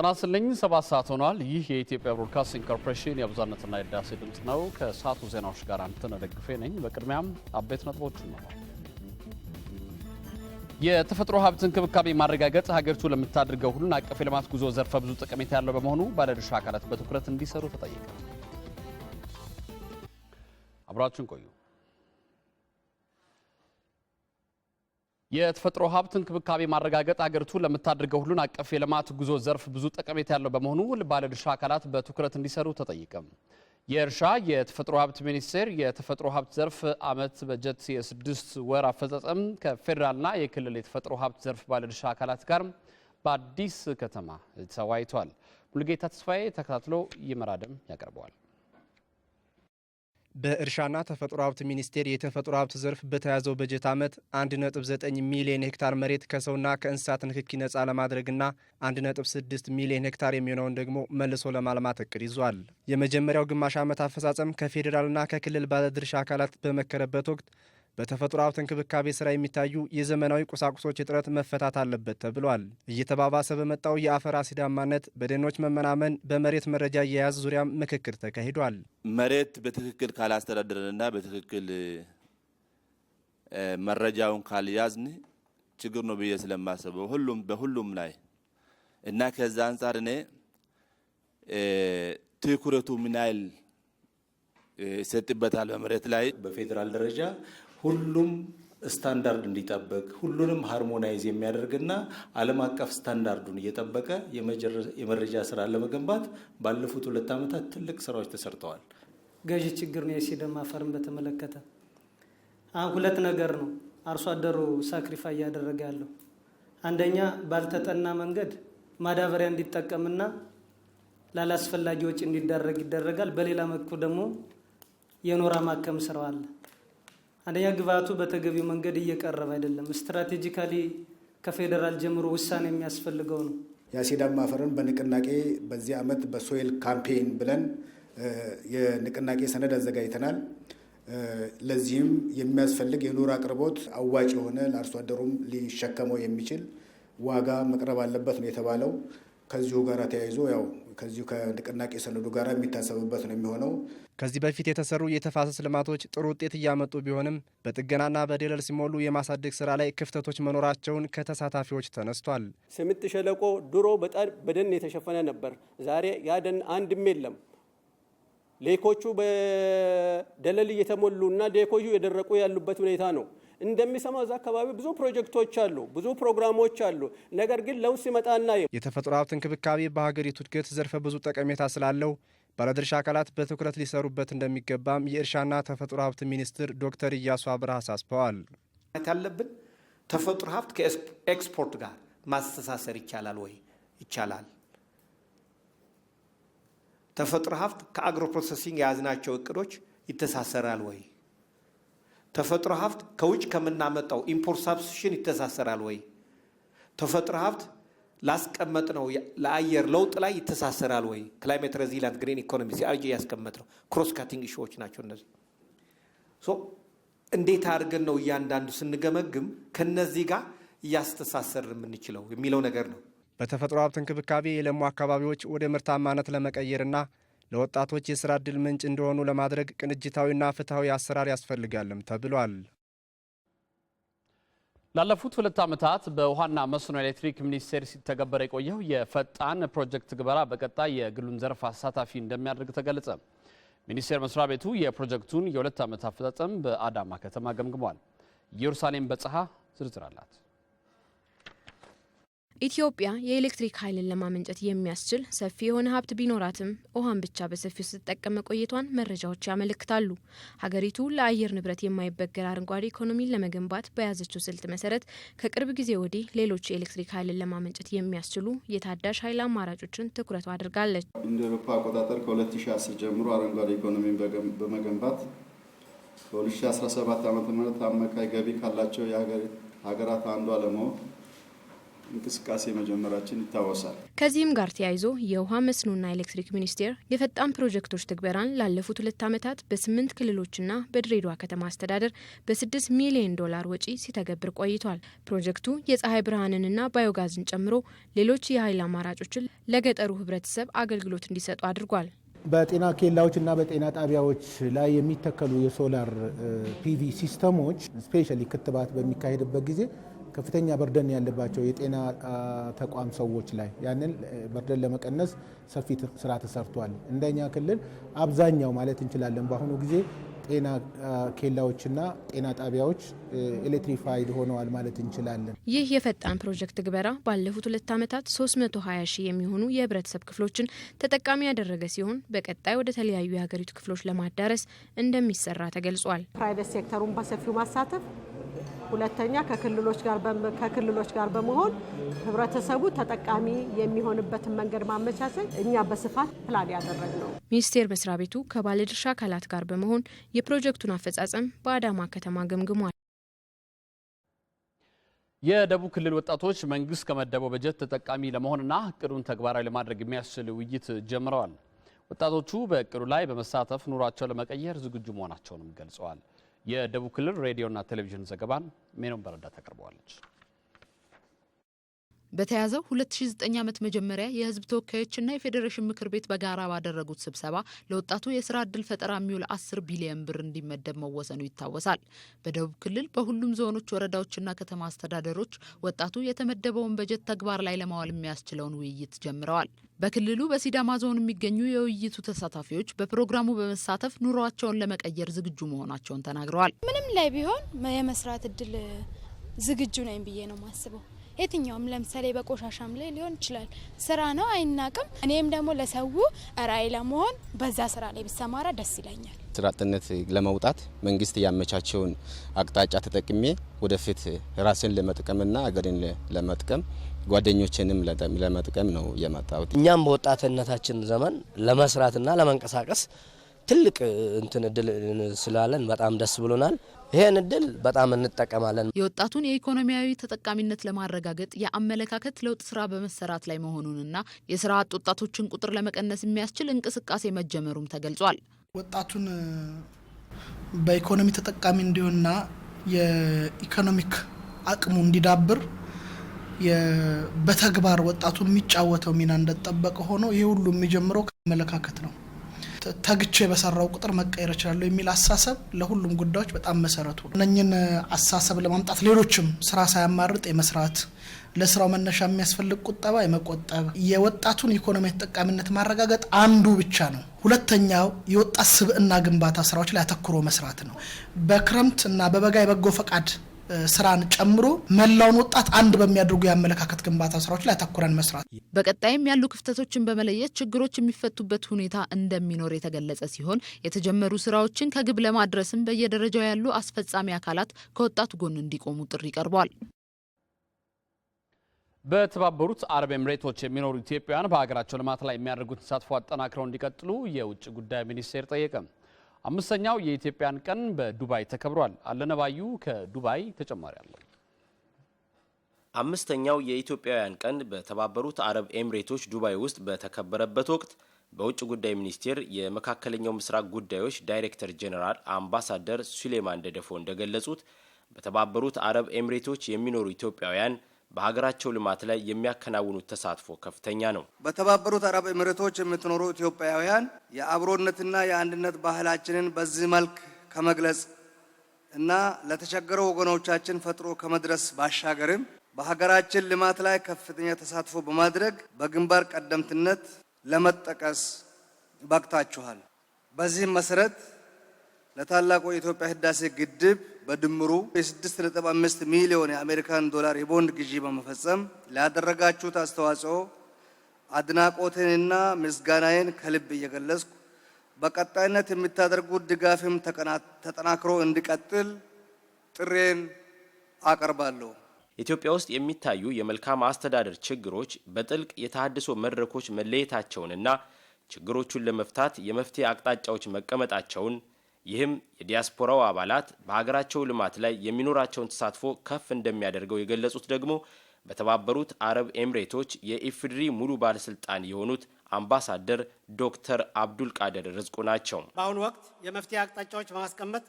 ጤና ይስጥልኝ። ሰባት ሰዓት ሆኗል። ይህ የኢትዮጵያ ብሮድካስቲንግ ኮርፖሬሽን የብዛነትና የዳሴ ድምፅ ነው። ከሰዓቱ ዜናዎች ጋር አንተነህ ደግፌ ነኝ። በቅድሚያም አበይት ነጥቦቹ ነው። የተፈጥሮ ሀብት እንክብካቤ ማረጋገጥ ሀገሪቱ ለምታደርገው ሁሉን አቀፍ የልማት ጉዞ ዘርፈ ብዙ ጠቀሜታ ያለው በመሆኑ ባለድርሻ አካላት በትኩረት እንዲሰሩ ተጠየቀ። አብራችን ቆዩ። የተፈጥሮ ሀብት እንክብካቤ ማረጋገጥ አገሪቱ ለምታደርገው ሁሉን አቀፍ የልማት ጉዞ ዘርፍ ብዙ ጠቀሜታ ያለው በመሆኑ ባለድርሻ አካላት በትኩረት እንዲሰሩ ተጠይቀም። የእርሻ የተፈጥሮ ሀብት ሚኒስቴር የተፈጥሮ ሀብት ዘርፍ አመት በጀት የስድስት ወር አፈጻጸም ከፌዴራልና የክልል የተፈጥሮ ሀብት ዘርፍ ባለድርሻ አካላት ጋር በአዲስ ከተማ ተወያይቷል። ሙሉጌታ ተስፋዬ ተከታትሎ ይመራደም ያቀርበዋል። በእርሻና ተፈጥሮ ሀብት ሚኒስቴር የተፈጥሮ ሀብት ዘርፍ በተያዘው በጀት ዓመት 1.9 ሚሊዮን ሄክታር መሬት ከሰውና ከእንስሳት ንክኪ ነጻ ለማድረግና 1.6 ሚሊዮን ሄክታር የሚሆነውን ደግሞ መልሶ ለማልማት እቅድ ይዟል። የመጀመሪያው ግማሽ ዓመት አፈጻጸም ከፌዴራልና ከክልል ባለድርሻ አካላት በመከረበት ወቅት በተፈጥሮ ሀብት እንክብካቤ ስራ የሚታዩ የዘመናዊ ቁሳቁሶች እጥረት መፈታት አለበት ተብሏል። እየተባባሰ በመጣው የአፈር አሲዳማነት፣ በደኖች መመናመን፣ በመሬት መረጃ አያያዝ ዙሪያም ምክክር ተካሂዷል። መሬት በትክክል ካላስተዳደረንና በትክክል መረጃውን ካልያዝን ችግር ነው ብዬ ስለማስበው ሁሉም በሁሉም ላይ እና ከዛ አንጻር እኔ ትኩረቱ ምን ያህል ይሰጥበታል በመሬት ላይ በፌዴራል ደረጃ ሁሉም ስታንዳርድ እንዲጠብቅ ሁሉንም ሃርሞናይዝ የሚያደርግና ዓለም አቀፍ ስታንዳርዱን እየጠበቀ የመረጃ ስራ ለመገንባት ባለፉት ሁለት ዓመታት ትልቅ ስራዎች ተሰርተዋል። ገዢ ችግር ነው። የሲደማ አፈርን በተመለከተ ሁለት ነገር ነው አርሶ አደሩ ሳክሪፋይ እያደረገ ያለው አንደኛ ባልተጠና መንገድ ማዳበሪያ እንዲጠቀምና ላላስፈላጊ ወጪ እንዲዳረግ ይደረጋል። በሌላ መልኩ ደግሞ የኖራ ማከም ስራው አለ። አንደኛ ግብአቱ በተገቢው መንገድ እየቀረበ አይደለም። ስትራቴጂካሊ ከፌዴራል ጀምሮ ውሳኔ የሚያስፈልገው ነው። የአሲዳማ አፈርን በንቅናቄ በዚህ ዓመት በሶይል ካምፔን ብለን የንቅናቄ ሰነድ አዘጋጅተናል። ለዚህም የሚያስፈልግ የኑር አቅርቦት አዋጭ የሆነ ለአርሶ አደሩም ሊሸከመው የሚችል ዋጋ መቅረብ አለበት ነው የተባለው። ከዚሁ ጋር ተያይዞ ያው ከዚሁ ከንቅናቄ ሰነዱ ጋር የሚታሰብበት ነው የሚሆነው። ከዚህ በፊት የተሰሩ የተፋሰስ ልማቶች ጥሩ ውጤት እያመጡ ቢሆንም በጥገናና በደለል ሲሞሉ የማሳደግ ስራ ላይ ክፍተቶች መኖራቸውን ከተሳታፊዎች ተነስቷል። ስምጥ ሸለቆ ድሮ በጣም በደን የተሸፈነ ነበር። ዛሬ ያ ደን አንድም የለም። ሌኮቹ በደለል እየተሞሉ እና ሌኮቹ የደረቁ ያሉበት ሁኔታ ነው። እንደሚሰማው እዛ አካባቢ ብዙ ፕሮጀክቶች አሉ፣ ብዙ ፕሮግራሞች አሉ። ነገር ግን ለውጥ ሲመጣና የተፈጥሮ ሀብት እንክብካቤ በሀገሪቱ እድገት ዘርፈ ብዙ ጠቀሜታ ስላለው ባለድርሻ አካላት በትኩረት ሊሰሩበት እንደሚገባም የእርሻና ተፈጥሮ ሀብት ሚኒስትር ዶክተር እያሱ አብርሃ አሳስበዋል። ያለብን ተፈጥሮ ሀብት ከኤክስፖርት ጋር ማስተሳሰር ይቻላል ወይ? ይቻላል። ተፈጥሮ ሀብት ከአግሮ ፕሮሰሲንግ የያዝናቸው እቅዶች ይተሳሰራል ወይ? ተፈጥሮ ሀብት ከውጭ ከምናመጣው ኢምፖርት ሳብስሽን ይተሳሰራል ወይ? ተፈጥሮ ሀብት ላስቀመጥ ነው ለአየር ለውጥ ላይ ይተሳሰራል ወይ? ክላይሜት ሬዚላንት ግሪን ኢኮኖሚ ሲአርጂ ያስቀመጥ ነው ክሮስ ካቲንግ ሾዎች ናቸው እነዚህ። እንዴት አድርገን ነው እያንዳንዱ ስንገመግም ከነዚህ ጋር እያስተሳሰር የምንችለው የሚለው ነገር ነው። በተፈጥሮ ሀብት እንክብካቤ የለሙ አካባቢዎች ወደ ምርታማነት ለመቀየርና ለወጣቶች የስራ ዕድል ምንጭ እንደሆኑ ለማድረግ ቅንጅታዊና ፍትሐዊ አሰራር ያስፈልጋልም ተብሏል። ላለፉት ሁለት ዓመታት በውሃና መስኖ ኤሌክትሪክ ሚኒስቴር ሲተገበር የቆየው የፈጣን ፕሮጀክት ግበራ በቀጣይ የግሉን ዘርፍ አሳታፊ እንደሚያደርግ ተገለጸ። ሚኒስቴር መስሪያ ቤቱ የፕሮጀክቱን የሁለት ዓመት አፈጻጸም በአዳማ ከተማ ገምግሟል። ኢየሩሳሌም በጽሐ ዝርዝር አላት። ኢትዮጵያ የኤሌክትሪክ ኃይልን ለማመንጨት የሚያስችል ሰፊ የሆነ ሀብት ቢኖራትም ውሃን ብቻ በሰፊው ስትጠቀም መቆየቷን መረጃዎች ያመለክታሉ። ሀገሪቱ ለአየር ንብረት የማይበገር አረንጓዴ ኢኮኖሚን ለመገንባት በያዘችው ስልት መሰረት ከቅርብ ጊዜ ወዲህ ሌሎች የኤሌክትሪክ ኃይልን ለማመንጨት የሚያስችሉ የታዳሽ ኃይል አማራጮችን ትኩረቱ አድርጋለች። እንደ ኤሮፓ አቆጣጠር ከ2010 ጀምሮ አረንጓዴ ኢኮኖሚን በመገንባት በ2017 ዓ ም አማካይ ገቢ ካላቸው የሀገራት አንዷ ለመሆን እንቅስቃሴ መጀመራችን ይታወሳል። ከዚህም ጋር ተያይዞ የውሃ መስኖና ኤሌክትሪክ ሚኒስቴር የፈጣን ፕሮጀክቶች ትግበራን ላለፉት ሁለት ዓመታት በስምንት ክልሎችና በድሬዳዋ ከተማ አስተዳደር በስድስት ሚሊዮን ዶላር ወጪ ሲተገብር ቆይቷል። ፕሮጀክቱ የፀሐይ ብርሃንንና ባዮጋዝን ጨምሮ ሌሎች የኃይል አማራጮችን ለገጠሩ ህብረተሰብ አገልግሎት እንዲሰጡ አድርጓል። በጤና ኬላዎችና በጤና ጣቢያዎች ላይ የሚተከሉ የሶላር ፒቪ ሲስተሞች ስፔሻሊ ክትባት በሚካሄድበት ጊዜ ከፍተኛ በርደን ያለባቸው የጤና ተቋም ሰዎች ላይ ያንን በርደን ለመቀነስ ሰፊ ስራ ተሰርቷል። እንደኛ ክልል አብዛኛው ማለት እንችላለን በአሁኑ ጊዜ ጤና ኬላዎችና ጤና ጣቢያዎች ኤሌክትሪፋይድ ሆነዋል ማለት እንችላለን። ይህ የፈጣን ፕሮጀክት ግበራ ባለፉት ሁለት ዓመታት 320 ሺህ የሚሆኑ የህብረተሰብ ክፍሎችን ተጠቃሚ ያደረገ ሲሆን በቀጣይ ወደ ተለያዩ የሀገሪቱ ክፍሎች ለማዳረስ እንደሚሰራ ተገልጿል። ፕራይቬት ሴክተሩን በሰፊው ማሳተፍ ሁለተኛ ከክልሎች ጋር በመሆን ህብረተሰቡ ተጠቃሚ የሚሆንበትን መንገድ ማመቻቸት እኛ በስፋት ፕላን ያደረግ ነው። ሚኒስቴር መስሪያ ቤቱ ከባለድርሻ አካላት ጋር በመሆን የፕሮጀክቱን አፈጻጸም በአዳማ ከተማ ገምግሟል። የደቡብ ክልል ወጣቶች መንግስት ከመደበው በጀት ተጠቃሚ ለመሆንና እቅዱን ተግባራዊ ለማድረግ የሚያስችል ውይይት ጀምረዋል። ወጣቶቹ በእቅዱ ላይ በመሳተፍ ኑሯቸው ለመቀየር ዝግጁ መሆናቸውንም ገልጸዋል። የደቡብ ክልል ሬዲዮና ቴሌቪዥን ዘገባን ሜኖን በረዳ ታቀርበዋለች። በተያዘው 2009 ዓመት መጀመሪያ የህዝብ ተወካዮችና የፌዴሬሽን ምክር ቤት በጋራ ባደረጉት ስብሰባ ለወጣቱ የስራ እድል ፈጠራ የሚውል 10 ቢሊዮን ብር እንዲመደብ መወሰኑ ይታወሳል። በደቡብ ክልል በሁሉም ዞኖች፣ ወረዳዎችና ከተማ አስተዳደሮች ወጣቱ የተመደበውን በጀት ተግባር ላይ ለማዋል የሚያስችለውን ውይይት ጀምረዋል። በክልሉ በሲዳማ ዞን የሚገኙ የውይይቱ ተሳታፊዎች በፕሮግራሙ በመሳተፍ ኑሯቸውን ለመቀየር ዝግጁ መሆናቸውን ተናግረዋል። ምንም ላይ ቢሆን የመስራት እድል ዝግጁ ነኝ ብዬ ነው ማስበው የትኛውም ለምሳሌ በቆሻሻም ላይ ሊሆን ይችላል። ስራ ነው አይናቅም። እኔም ደግሞ ለሰው ራዕይ ለመሆን በዛ ስራ ላይ ብሰማራ ደስ ይለኛል። ስራ አጥነት ለመውጣት መንግስት ያመቻቸውን አቅጣጫ ተጠቅሜ ወደፊት ራስን ለመጥቀምና አገሬን ለመጥቀም ጓደኞችንም ለመጥቀም ነው የመጣሁት። እኛም በወጣትነታችን ዘመን ለመስራትና ለመንቀሳቀስ ትልቅ እንትን እድል ስላለን በጣም ደስ ብሎናል። ይሄን እድል በጣም እንጠቀማለን። የወጣቱን የኢኮኖሚያዊ ተጠቃሚነት ለማረጋገጥ የአመለካከት ለውጥ ስራ በመሰራት ላይ መሆኑንና የስራ አጥ ወጣቶችን ቁጥር ለመቀነስ የሚያስችል እንቅስቃሴ መጀመሩም ተገልጿል። ወጣቱን በኢኮኖሚ ተጠቃሚ እንዲሆንና የኢኮኖሚክ አቅሙ እንዲዳብር በተግባር ወጣቱ የሚጫወተው ሚና እንደጠበቀ ሆኖ ይህ ሁሉ የሚጀምረው ከአመለካከት ነው። ተግቼ በሰራው ቁጥር መቀየር እችላለሁ የሚል አሳሰብ ለሁሉም ጉዳዮች በጣም መሰረቱ ነው። እነኝን አሳሰብ ለማምጣት ሌሎችም ስራ ሳያማርጥ የመስራት ለስራው መነሻ የሚያስፈልግ ቁጠባ የመቆጠብ የወጣቱን ኢኮኖሚ ተጠቃሚነት ማረጋገጥ አንዱ ብቻ ነው። ሁለተኛው የወጣት ስብዕና ግንባታ ስራዎች ላይ አተኩሮ መስራት ነው። በክረምት እና በበጋ የበጎ ፈቃድ ስራን ጨምሮ መላውን ወጣት አንድ በሚያደርጉ የአመለካከት ግንባታ ስራዎች ላይ አተኩረን መስራት፣ በቀጣይም ያሉ ክፍተቶችን በመለየት ችግሮች የሚፈቱበት ሁኔታ እንደሚኖር የተገለጸ ሲሆን የተጀመሩ ስራዎችን ከግብ ለማድረስም በየደረጃው ያሉ አስፈጻሚ አካላት ከወጣቱ ጎን እንዲቆሙ ጥሪ ቀርቧል። በተባበሩት አረብ ኤምሬቶች የሚኖሩ ኢትዮጵያውያን በሀገራቸው ልማት ላይ የሚያደርጉት ተሳትፎ አጠናክረው እንዲቀጥሉ የውጭ ጉዳይ ሚኒስቴር ጠየቀም። አምስተኛው የኢትዮጵያን ቀን በዱባይ ተከብሯል። አለነባዩ ከዱባይ ተጨማሪ አለው። አምስተኛው የኢትዮጵያውያን ቀን በተባበሩት አረብ ኤምሬቶች ዱባይ ውስጥ በተከበረበት ወቅት በውጭ ጉዳይ ሚኒስቴር የመካከለኛው ምስራቅ ጉዳዮች ዳይሬክተር ጄኔራል አምባሳደር ሱሌማን ደደፎ እንደገለጹት በተባበሩት አረብ ኤምሬቶች የሚኖሩ ኢትዮጵያውያን በሀገራቸው ልማት ላይ የሚያከናውኑት ተሳትፎ ከፍተኛ ነው። በተባበሩት አረብ ኤምሬቶች የምትኖሩ ኢትዮጵያውያን የአብሮነትና የአንድነት ባህላችንን በዚህ መልክ ከመግለጽ እና ለተቸገሩ ወገኖቻችን ፈጥሮ ከመድረስ ባሻገርም በሀገራችን ልማት ላይ ከፍተኛ ተሳትፎ በማድረግ በግንባር ቀደምትነት ለመጠቀስ በቅታችኋል። በዚህም መሰረት ለታላቁ የኢትዮጵያ ህዳሴ ግድብ በድምሩ የ6.5 ሚሊዮን የአሜሪካን ዶላር የቦንድ ግዢ በመፈጸም ላደረጋችሁት አስተዋጽኦ አድናቆትንና ምስጋናዬን ከልብ እየገለጽኩ በቀጣይነት የምታደርጉት ድጋፍም ተጠናክሮ እንዲቀጥል ጥሬን አቀርባለሁ። ኢትዮጵያ ውስጥ የሚታዩ የመልካም አስተዳደር ችግሮች በጥልቅ የተሃድሶ መድረኮች መለየታቸውንና ችግሮቹን ለመፍታት የመፍትሄ አቅጣጫዎች መቀመጣቸውን ይህም የዲያስፖራው አባላት በሀገራቸው ልማት ላይ የሚኖራቸውን ተሳትፎ ከፍ እንደሚያደርገው የገለጹት ደግሞ በተባበሩት አረብ ኤምሬቶች የኢፍድሪ ሙሉ ባለስልጣን የሆኑት አምባሳደር ዶክተር አብዱል ቃድር ርዝቁ ናቸው። በአሁኑ ወቅት የመፍትሄ አቅጣጫዎች በማስቀመጥ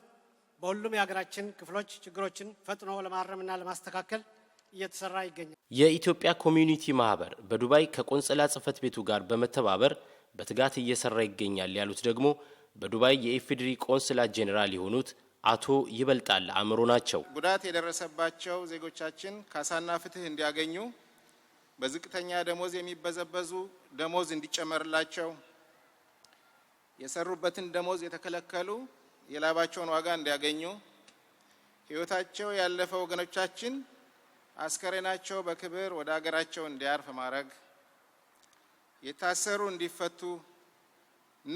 በሁሉም የሀገራችን ክፍሎች ችግሮችን ፈጥኖ ለማረምና ለማስተካከል እየተሰራ ይገኛል። የኢትዮጵያ ኮሚዩኒቲ ማህበር በዱባይ ከቆንጽላ ጽህፈት ቤቱ ጋር በመተባበር በትጋት እየሰራ ይገኛል ያሉት ደግሞ በዱባይ የኢፌዴሪ ቆንስላ ጄኔራል የሆኑት አቶ ይበልጣል አእምሮ ናቸው። ጉዳት የደረሰባቸው ዜጎቻችን ካሳና ፍትህ እንዲያገኙ በዝቅተኛ ደሞዝ የሚበዘበዙ ደሞዝ እንዲጨመርላቸው፣ የሰሩበትን ደሞዝ የተከለከሉ የላባቸውን ዋጋ እንዲያገኙ፣ ህይወታቸው ያለፈ ወገኖቻችን አስከሬናቸው በክብር ወደ ሀገራቸው እንዲያርፍ ማድረግ፣ የታሰሩ እንዲፈቱ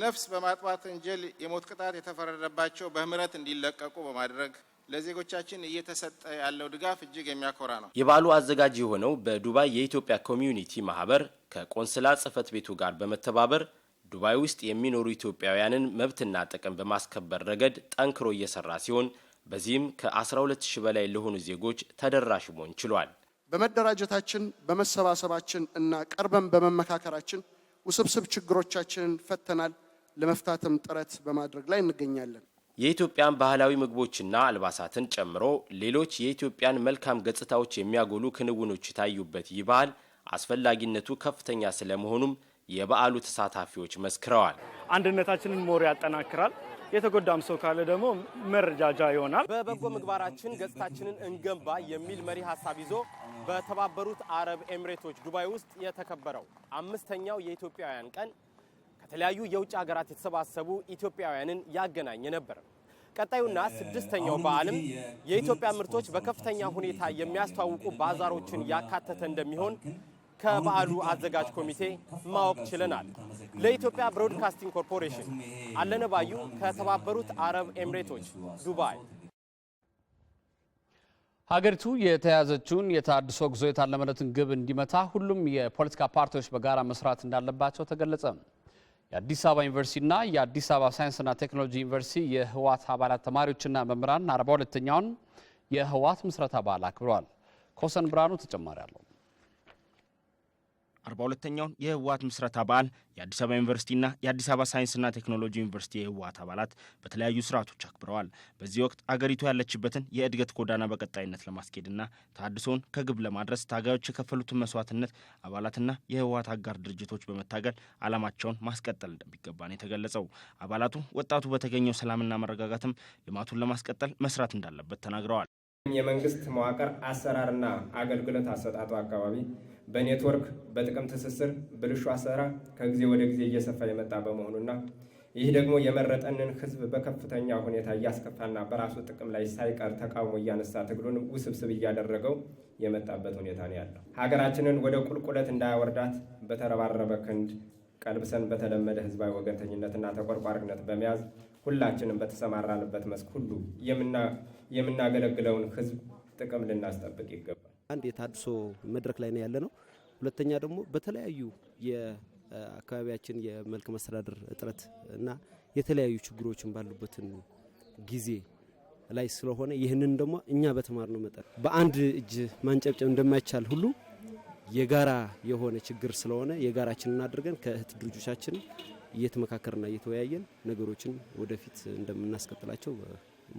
ነፍስ በማጥፋት ወንጀል የሞት ቅጣት የተፈረደባቸው በምህረት እንዲለቀቁ በማድረግ ለዜጎቻችን እየተሰጠ ያለው ድጋፍ እጅግ የሚያኮራ ነው። የበዓሉ አዘጋጅ የሆነው በዱባይ የኢትዮጵያ ኮሚዩኒቲ ማህበር ከቆንስላ ጽህፈት ቤቱ ጋር በመተባበር ዱባይ ውስጥ የሚኖሩ ኢትዮጵያውያንን መብትና ጥቅም በማስከበር ረገድ ጠንክሮ እየሰራ ሲሆን በዚህም ከ12 በላይ ለሆኑ ዜጎች ተደራሽ መሆን ችሏል። በመደራጀታችን፣ በመሰባሰባችን እና ቀርበን በመመካከራችን ውስብስብ ችግሮቻችንን ፈተናል፣ ለመፍታትም ጥረት በማድረግ ላይ እንገኛለን። የኢትዮጵያን ባህላዊ ምግቦችና አልባሳትን ጨምሮ ሌሎች የኢትዮጵያን መልካም ገጽታዎች የሚያጎሉ ክንውኖች የታዩበት ይህ በዓል አስፈላጊነቱ ከፍተኛ ስለመሆኑም የበዓሉ ተሳታፊዎች መስክረዋል። አንድነታችንን ሞር ያጠናክራል። የተጎዳም ሰው ካለ ደግሞ መረጃጃ ይሆናል። በበጎ ምግባራችን ገጽታችንን እንገንባ የሚል መሪ ሀሳብ ይዞ በተባበሩት አረብ ኤሚሬቶች ዱባይ ውስጥ የተከበረው አምስተኛው የኢትዮጵያውያን ቀን ከተለያዩ የውጭ ሀገራት የተሰባሰቡ ኢትዮጵያውያንን ያገናኘ ነበር። ቀጣዩና ስድስተኛው በዓልም የኢትዮጵያ ምርቶች በከፍተኛ ሁኔታ የሚያስተዋውቁ ባዛሮችን ያካተተ እንደሚሆን ከበዓሉ አዘጋጅ ኮሚቴ ማወቅ ችለናል። ለኢትዮጵያ ብሮድካስቲንግ ኮርፖሬሽን አለነ ባዩ ከተባበሩት አረብ ኤምሬቶች ዱባይ። ሀገሪቱ የተያዘችውን የታድሶ ጉዞ የታለመለትን ግብ እንዲመታ ሁሉም የፖለቲካ ፓርቲዎች በጋራ መስራት እንዳለባቸው ተገለጸ። የአዲስ አበባ ዩኒቨርሲቲና የአዲስ አበባ ሳይንስና ቴክኖሎጂ ዩኒቨርሲቲ የህወሓት አባላት ተማሪዎችና መምህራን አርባ ሁለተኛውን የህወሓት ምስረታ በዓል አክብረዋል። ኮሰን ብርሃኑ ተጨማሪ አለው። አርባ ሁለተኛውን የህወሀት ምስረታ በዓል የአዲስ አበባ ዩኒቨርሲቲና የአዲስ አበባ ሳይንስና ቴክኖሎጂ ዩኒቨርሲቲ የህወሀት አባላት በተለያዩ ስርዓቶች አክብረዋል። በዚህ ወቅት አገሪቱ ያለችበትን የእድገት ጎዳና በቀጣይነት ለማስኬድና ተሀድሶውን ከግብ ለማድረስ ታጋዮች የከፈሉትን መስዋዕትነት አባላትና የህወሀት አጋር ድርጅቶች በመታገል ዓላማቸውን ማስቀጠል እንደሚገባ ነው የተገለጸው። አባላቱ ወጣቱ በተገኘው ሰላምና መረጋጋትም ልማቱን ለማስቀጠል መስራት እንዳለበት ተናግረዋል። የመንግስት መዋቅር አሰራርና አገልግሎት አሰጣጡ አካባቢ በኔትወርክ በጥቅም ትስስር ብልሹ አሰራ ከጊዜ ወደ ጊዜ እየሰፋ የመጣ በመሆኑና ይህ ደግሞ የመረጠንን ህዝብ በከፍተኛ ሁኔታ እያስከፋና በራሱ ጥቅም ላይ ሳይቀር ተቃውሞ እያነሳ ትግሉን ውስብስብ እያደረገው የመጣበት ሁኔታ ነው ያለው። ሀገራችንን ወደ ቁልቁለት እንዳያወርዳት በተረባረበ ክንድ ቀልብሰን በተለመደ ህዝባዊ ወገንተኝነትና ተቆርቋሪነት በመያዝ ሁላችንም በተሰማራንበት መስክ ሁሉ የምናገለግለውን ህዝብ ጥቅም ልናስጠብቅ ይገባል። አንድ የታድሶ መድረክ ላይ ነው ያለ ነው። ሁለተኛ ደግሞ በተለያዩ የአካባቢያችን የመልክ መስተዳደር እጥረት እና የተለያዩ ችግሮችን ባሉበትን ጊዜ ላይ ስለሆነ ይህንን ደግሞ እኛ በተማርነው መጠን በአንድ እጅ ማንጨብጨብ እንደማይቻል ሁሉ የጋራ የሆነ ችግር ስለሆነ የጋራችንን አድርገን ከእህት ድርጅቶቻችን እየተመካከርና እየተወያየን ነገሮችን ወደፊት እንደምናስቀጥላቸው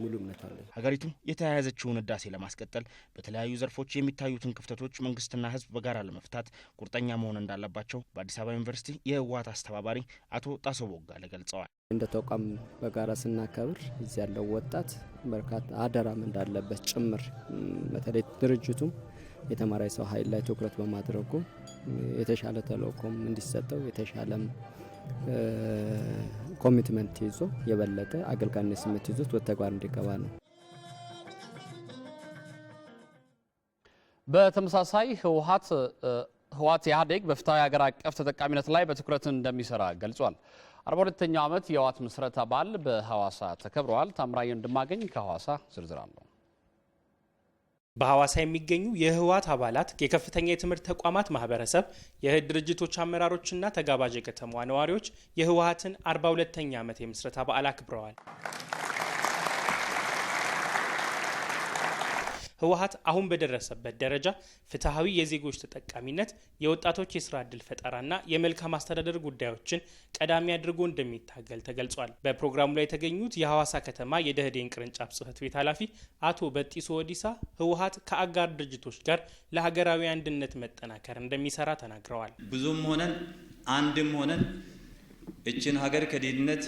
ሙሉ እምነት አለኝ። ሀገሪቱ የተያያዘችውን ህዳሴ ለማስቀጠል በተለያዩ ዘርፎች የሚታዩትን ክፍተቶች መንግስትና ህዝብ በጋራ ለመፍታት ቁርጠኛ መሆን እንዳለባቸው በአዲስ አበባ ዩኒቨርሲቲ የህወሀት አስተባባሪ አቶ ጣሶ ቦጋለ ገልጸዋል። እንደ ተቋም በጋራ ስናከብር እዚ ያለው ወጣት በርካታ አደራም እንዳለበት ጭምር በተለይ ድርጅቱም የተማሪ ሰው ኃይል ላይ ትኩረት በማድረጉ የተሻለ ተልዕኮም እንዲሰጠው የተሻለም ኮሚትመንት ይዞ የበለጠ አገልጋይነት ስሜት ይዞት ወደ ተግባር እንዲገባ ነው። በተመሳሳይ ህወሀት ህወሀት ኢህአዴግ በፍትሐዊ ሀገር አቀፍ ተጠቃሚነት ላይ በትኩረት እንደሚሰራ ገልጿል። አርባ ሁለተኛው ዓመት የህወሀት ምስረታ በዓል በሐዋሳ ተከብረዋል። ታምራየሁ እንድማገኝ ከሐዋሳ ዝርዝር አለው። በሐዋሳ የሚገኙ የህወሓት አባላት የከፍተኛ የትምህርት ተቋማት ማህበረሰብ የእህት ድርጅቶች አመራሮችና ተጋባዥ የከተማዋ ነዋሪዎች የህወሓትን 42ኛ ዓመት የምስረታ በዓል አክብረዋል። ህወሀት አሁን በደረሰበት ደረጃ ፍትሐዊ የዜጎች ተጠቃሚነት፣ የወጣቶች የስራ ፈጠራ ፈጠራና የመልካም አስተዳደር ጉዳዮችን ቀዳሚ አድርጎ እንደሚታገል ተገልጿል። በፕሮግራሙ ላይ የተገኙት የሐዋሳ ከተማ የደህዴን ቅርንጫፍ ጽህፈት ቤት ኃላፊ አቶ በጢሶ ወዲሳ ህወሀት ከአጋር ድርጅቶች ጋር ለሀገራዊ አንድነት መጠናከር እንደሚሰራ ተናግረዋል። ብዙም ሆነን አንድም ሆነን እችን ሀገር ከድህነት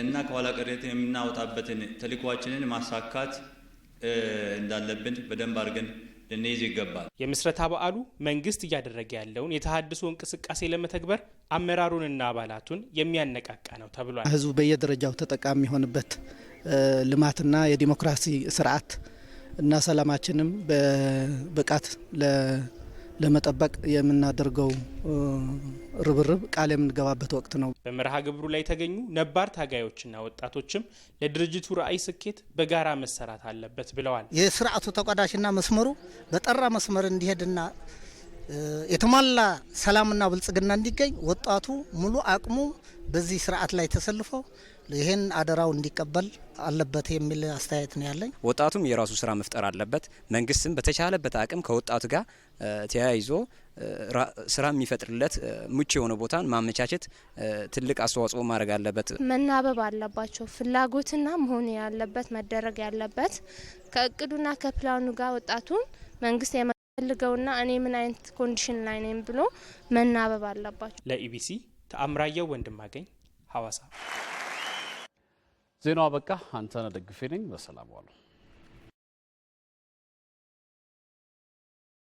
እና ከኋላ ቀርነት የምናወጣበትን ተልእኳችንን ማሳካት እንዳለብን በደንብ አድርገን ልንይዝ ይገባል። የምስረታ በዓሉ መንግስት እያደረገ ያለውን የተሃድሶ እንቅስቃሴ ለመተግበር አመራሩንና አባላቱን የሚያነቃቃ ነው ተብሏል። ህዝቡ በየደረጃው ተጠቃሚ የሆንበት ልማትና የዲሞክራሲ ስርዓት እና ሰላማችንም በብቃት ለመጠበቅ የምናደርገው ርብርብ ቃል የምንገባበት ወቅት ነው። በመርሃ ግብሩ ላይ የተገኙ ነባር ታጋዮችና ወጣቶችም ለድርጅቱ ራዕይ ስኬት በጋራ መሰራት አለበት ብለዋል። የስርዓቱ ተቋዳሽና መስመሩ በጠራ መስመር እንዲሄድና የተሟላ ሰላምና ብልጽግና እንዲገኝ ወጣቱ ሙሉ አቅሙ በዚህ ስርዓት ላይ ተሰልፈው ይህን አደራው እንዲቀበል አለበት የሚል አስተያየት ነው ያለኝ። ወጣቱም የራሱ ስራ መፍጠር አለበት። መንግስትም በተቻለበት አቅም ከወጣቱ ጋር ተያይዞ ስራ የሚፈጥርለት ምቹ የሆነ ቦታን ማመቻቸት ትልቅ አስተዋጽኦ ማድረግ አለበት። መናበብ አለባቸው። ፍላጎትና መሆን ያለበት መደረግ ያለበት ከእቅዱና ከፕላኑ ጋር ወጣቱን መንግስት የመፈልገውና እኔ ምን አይነት ኮንዲሽን ላይ ነኝ ብሎ መናበብ አለባቸው። ለኢቢሲ ተአምራየው ወንድማገኝ ሀዋሳ ዜናው አበቃ። አንተነህ ደግፌ ነኝ። በሰላም ዋሉ።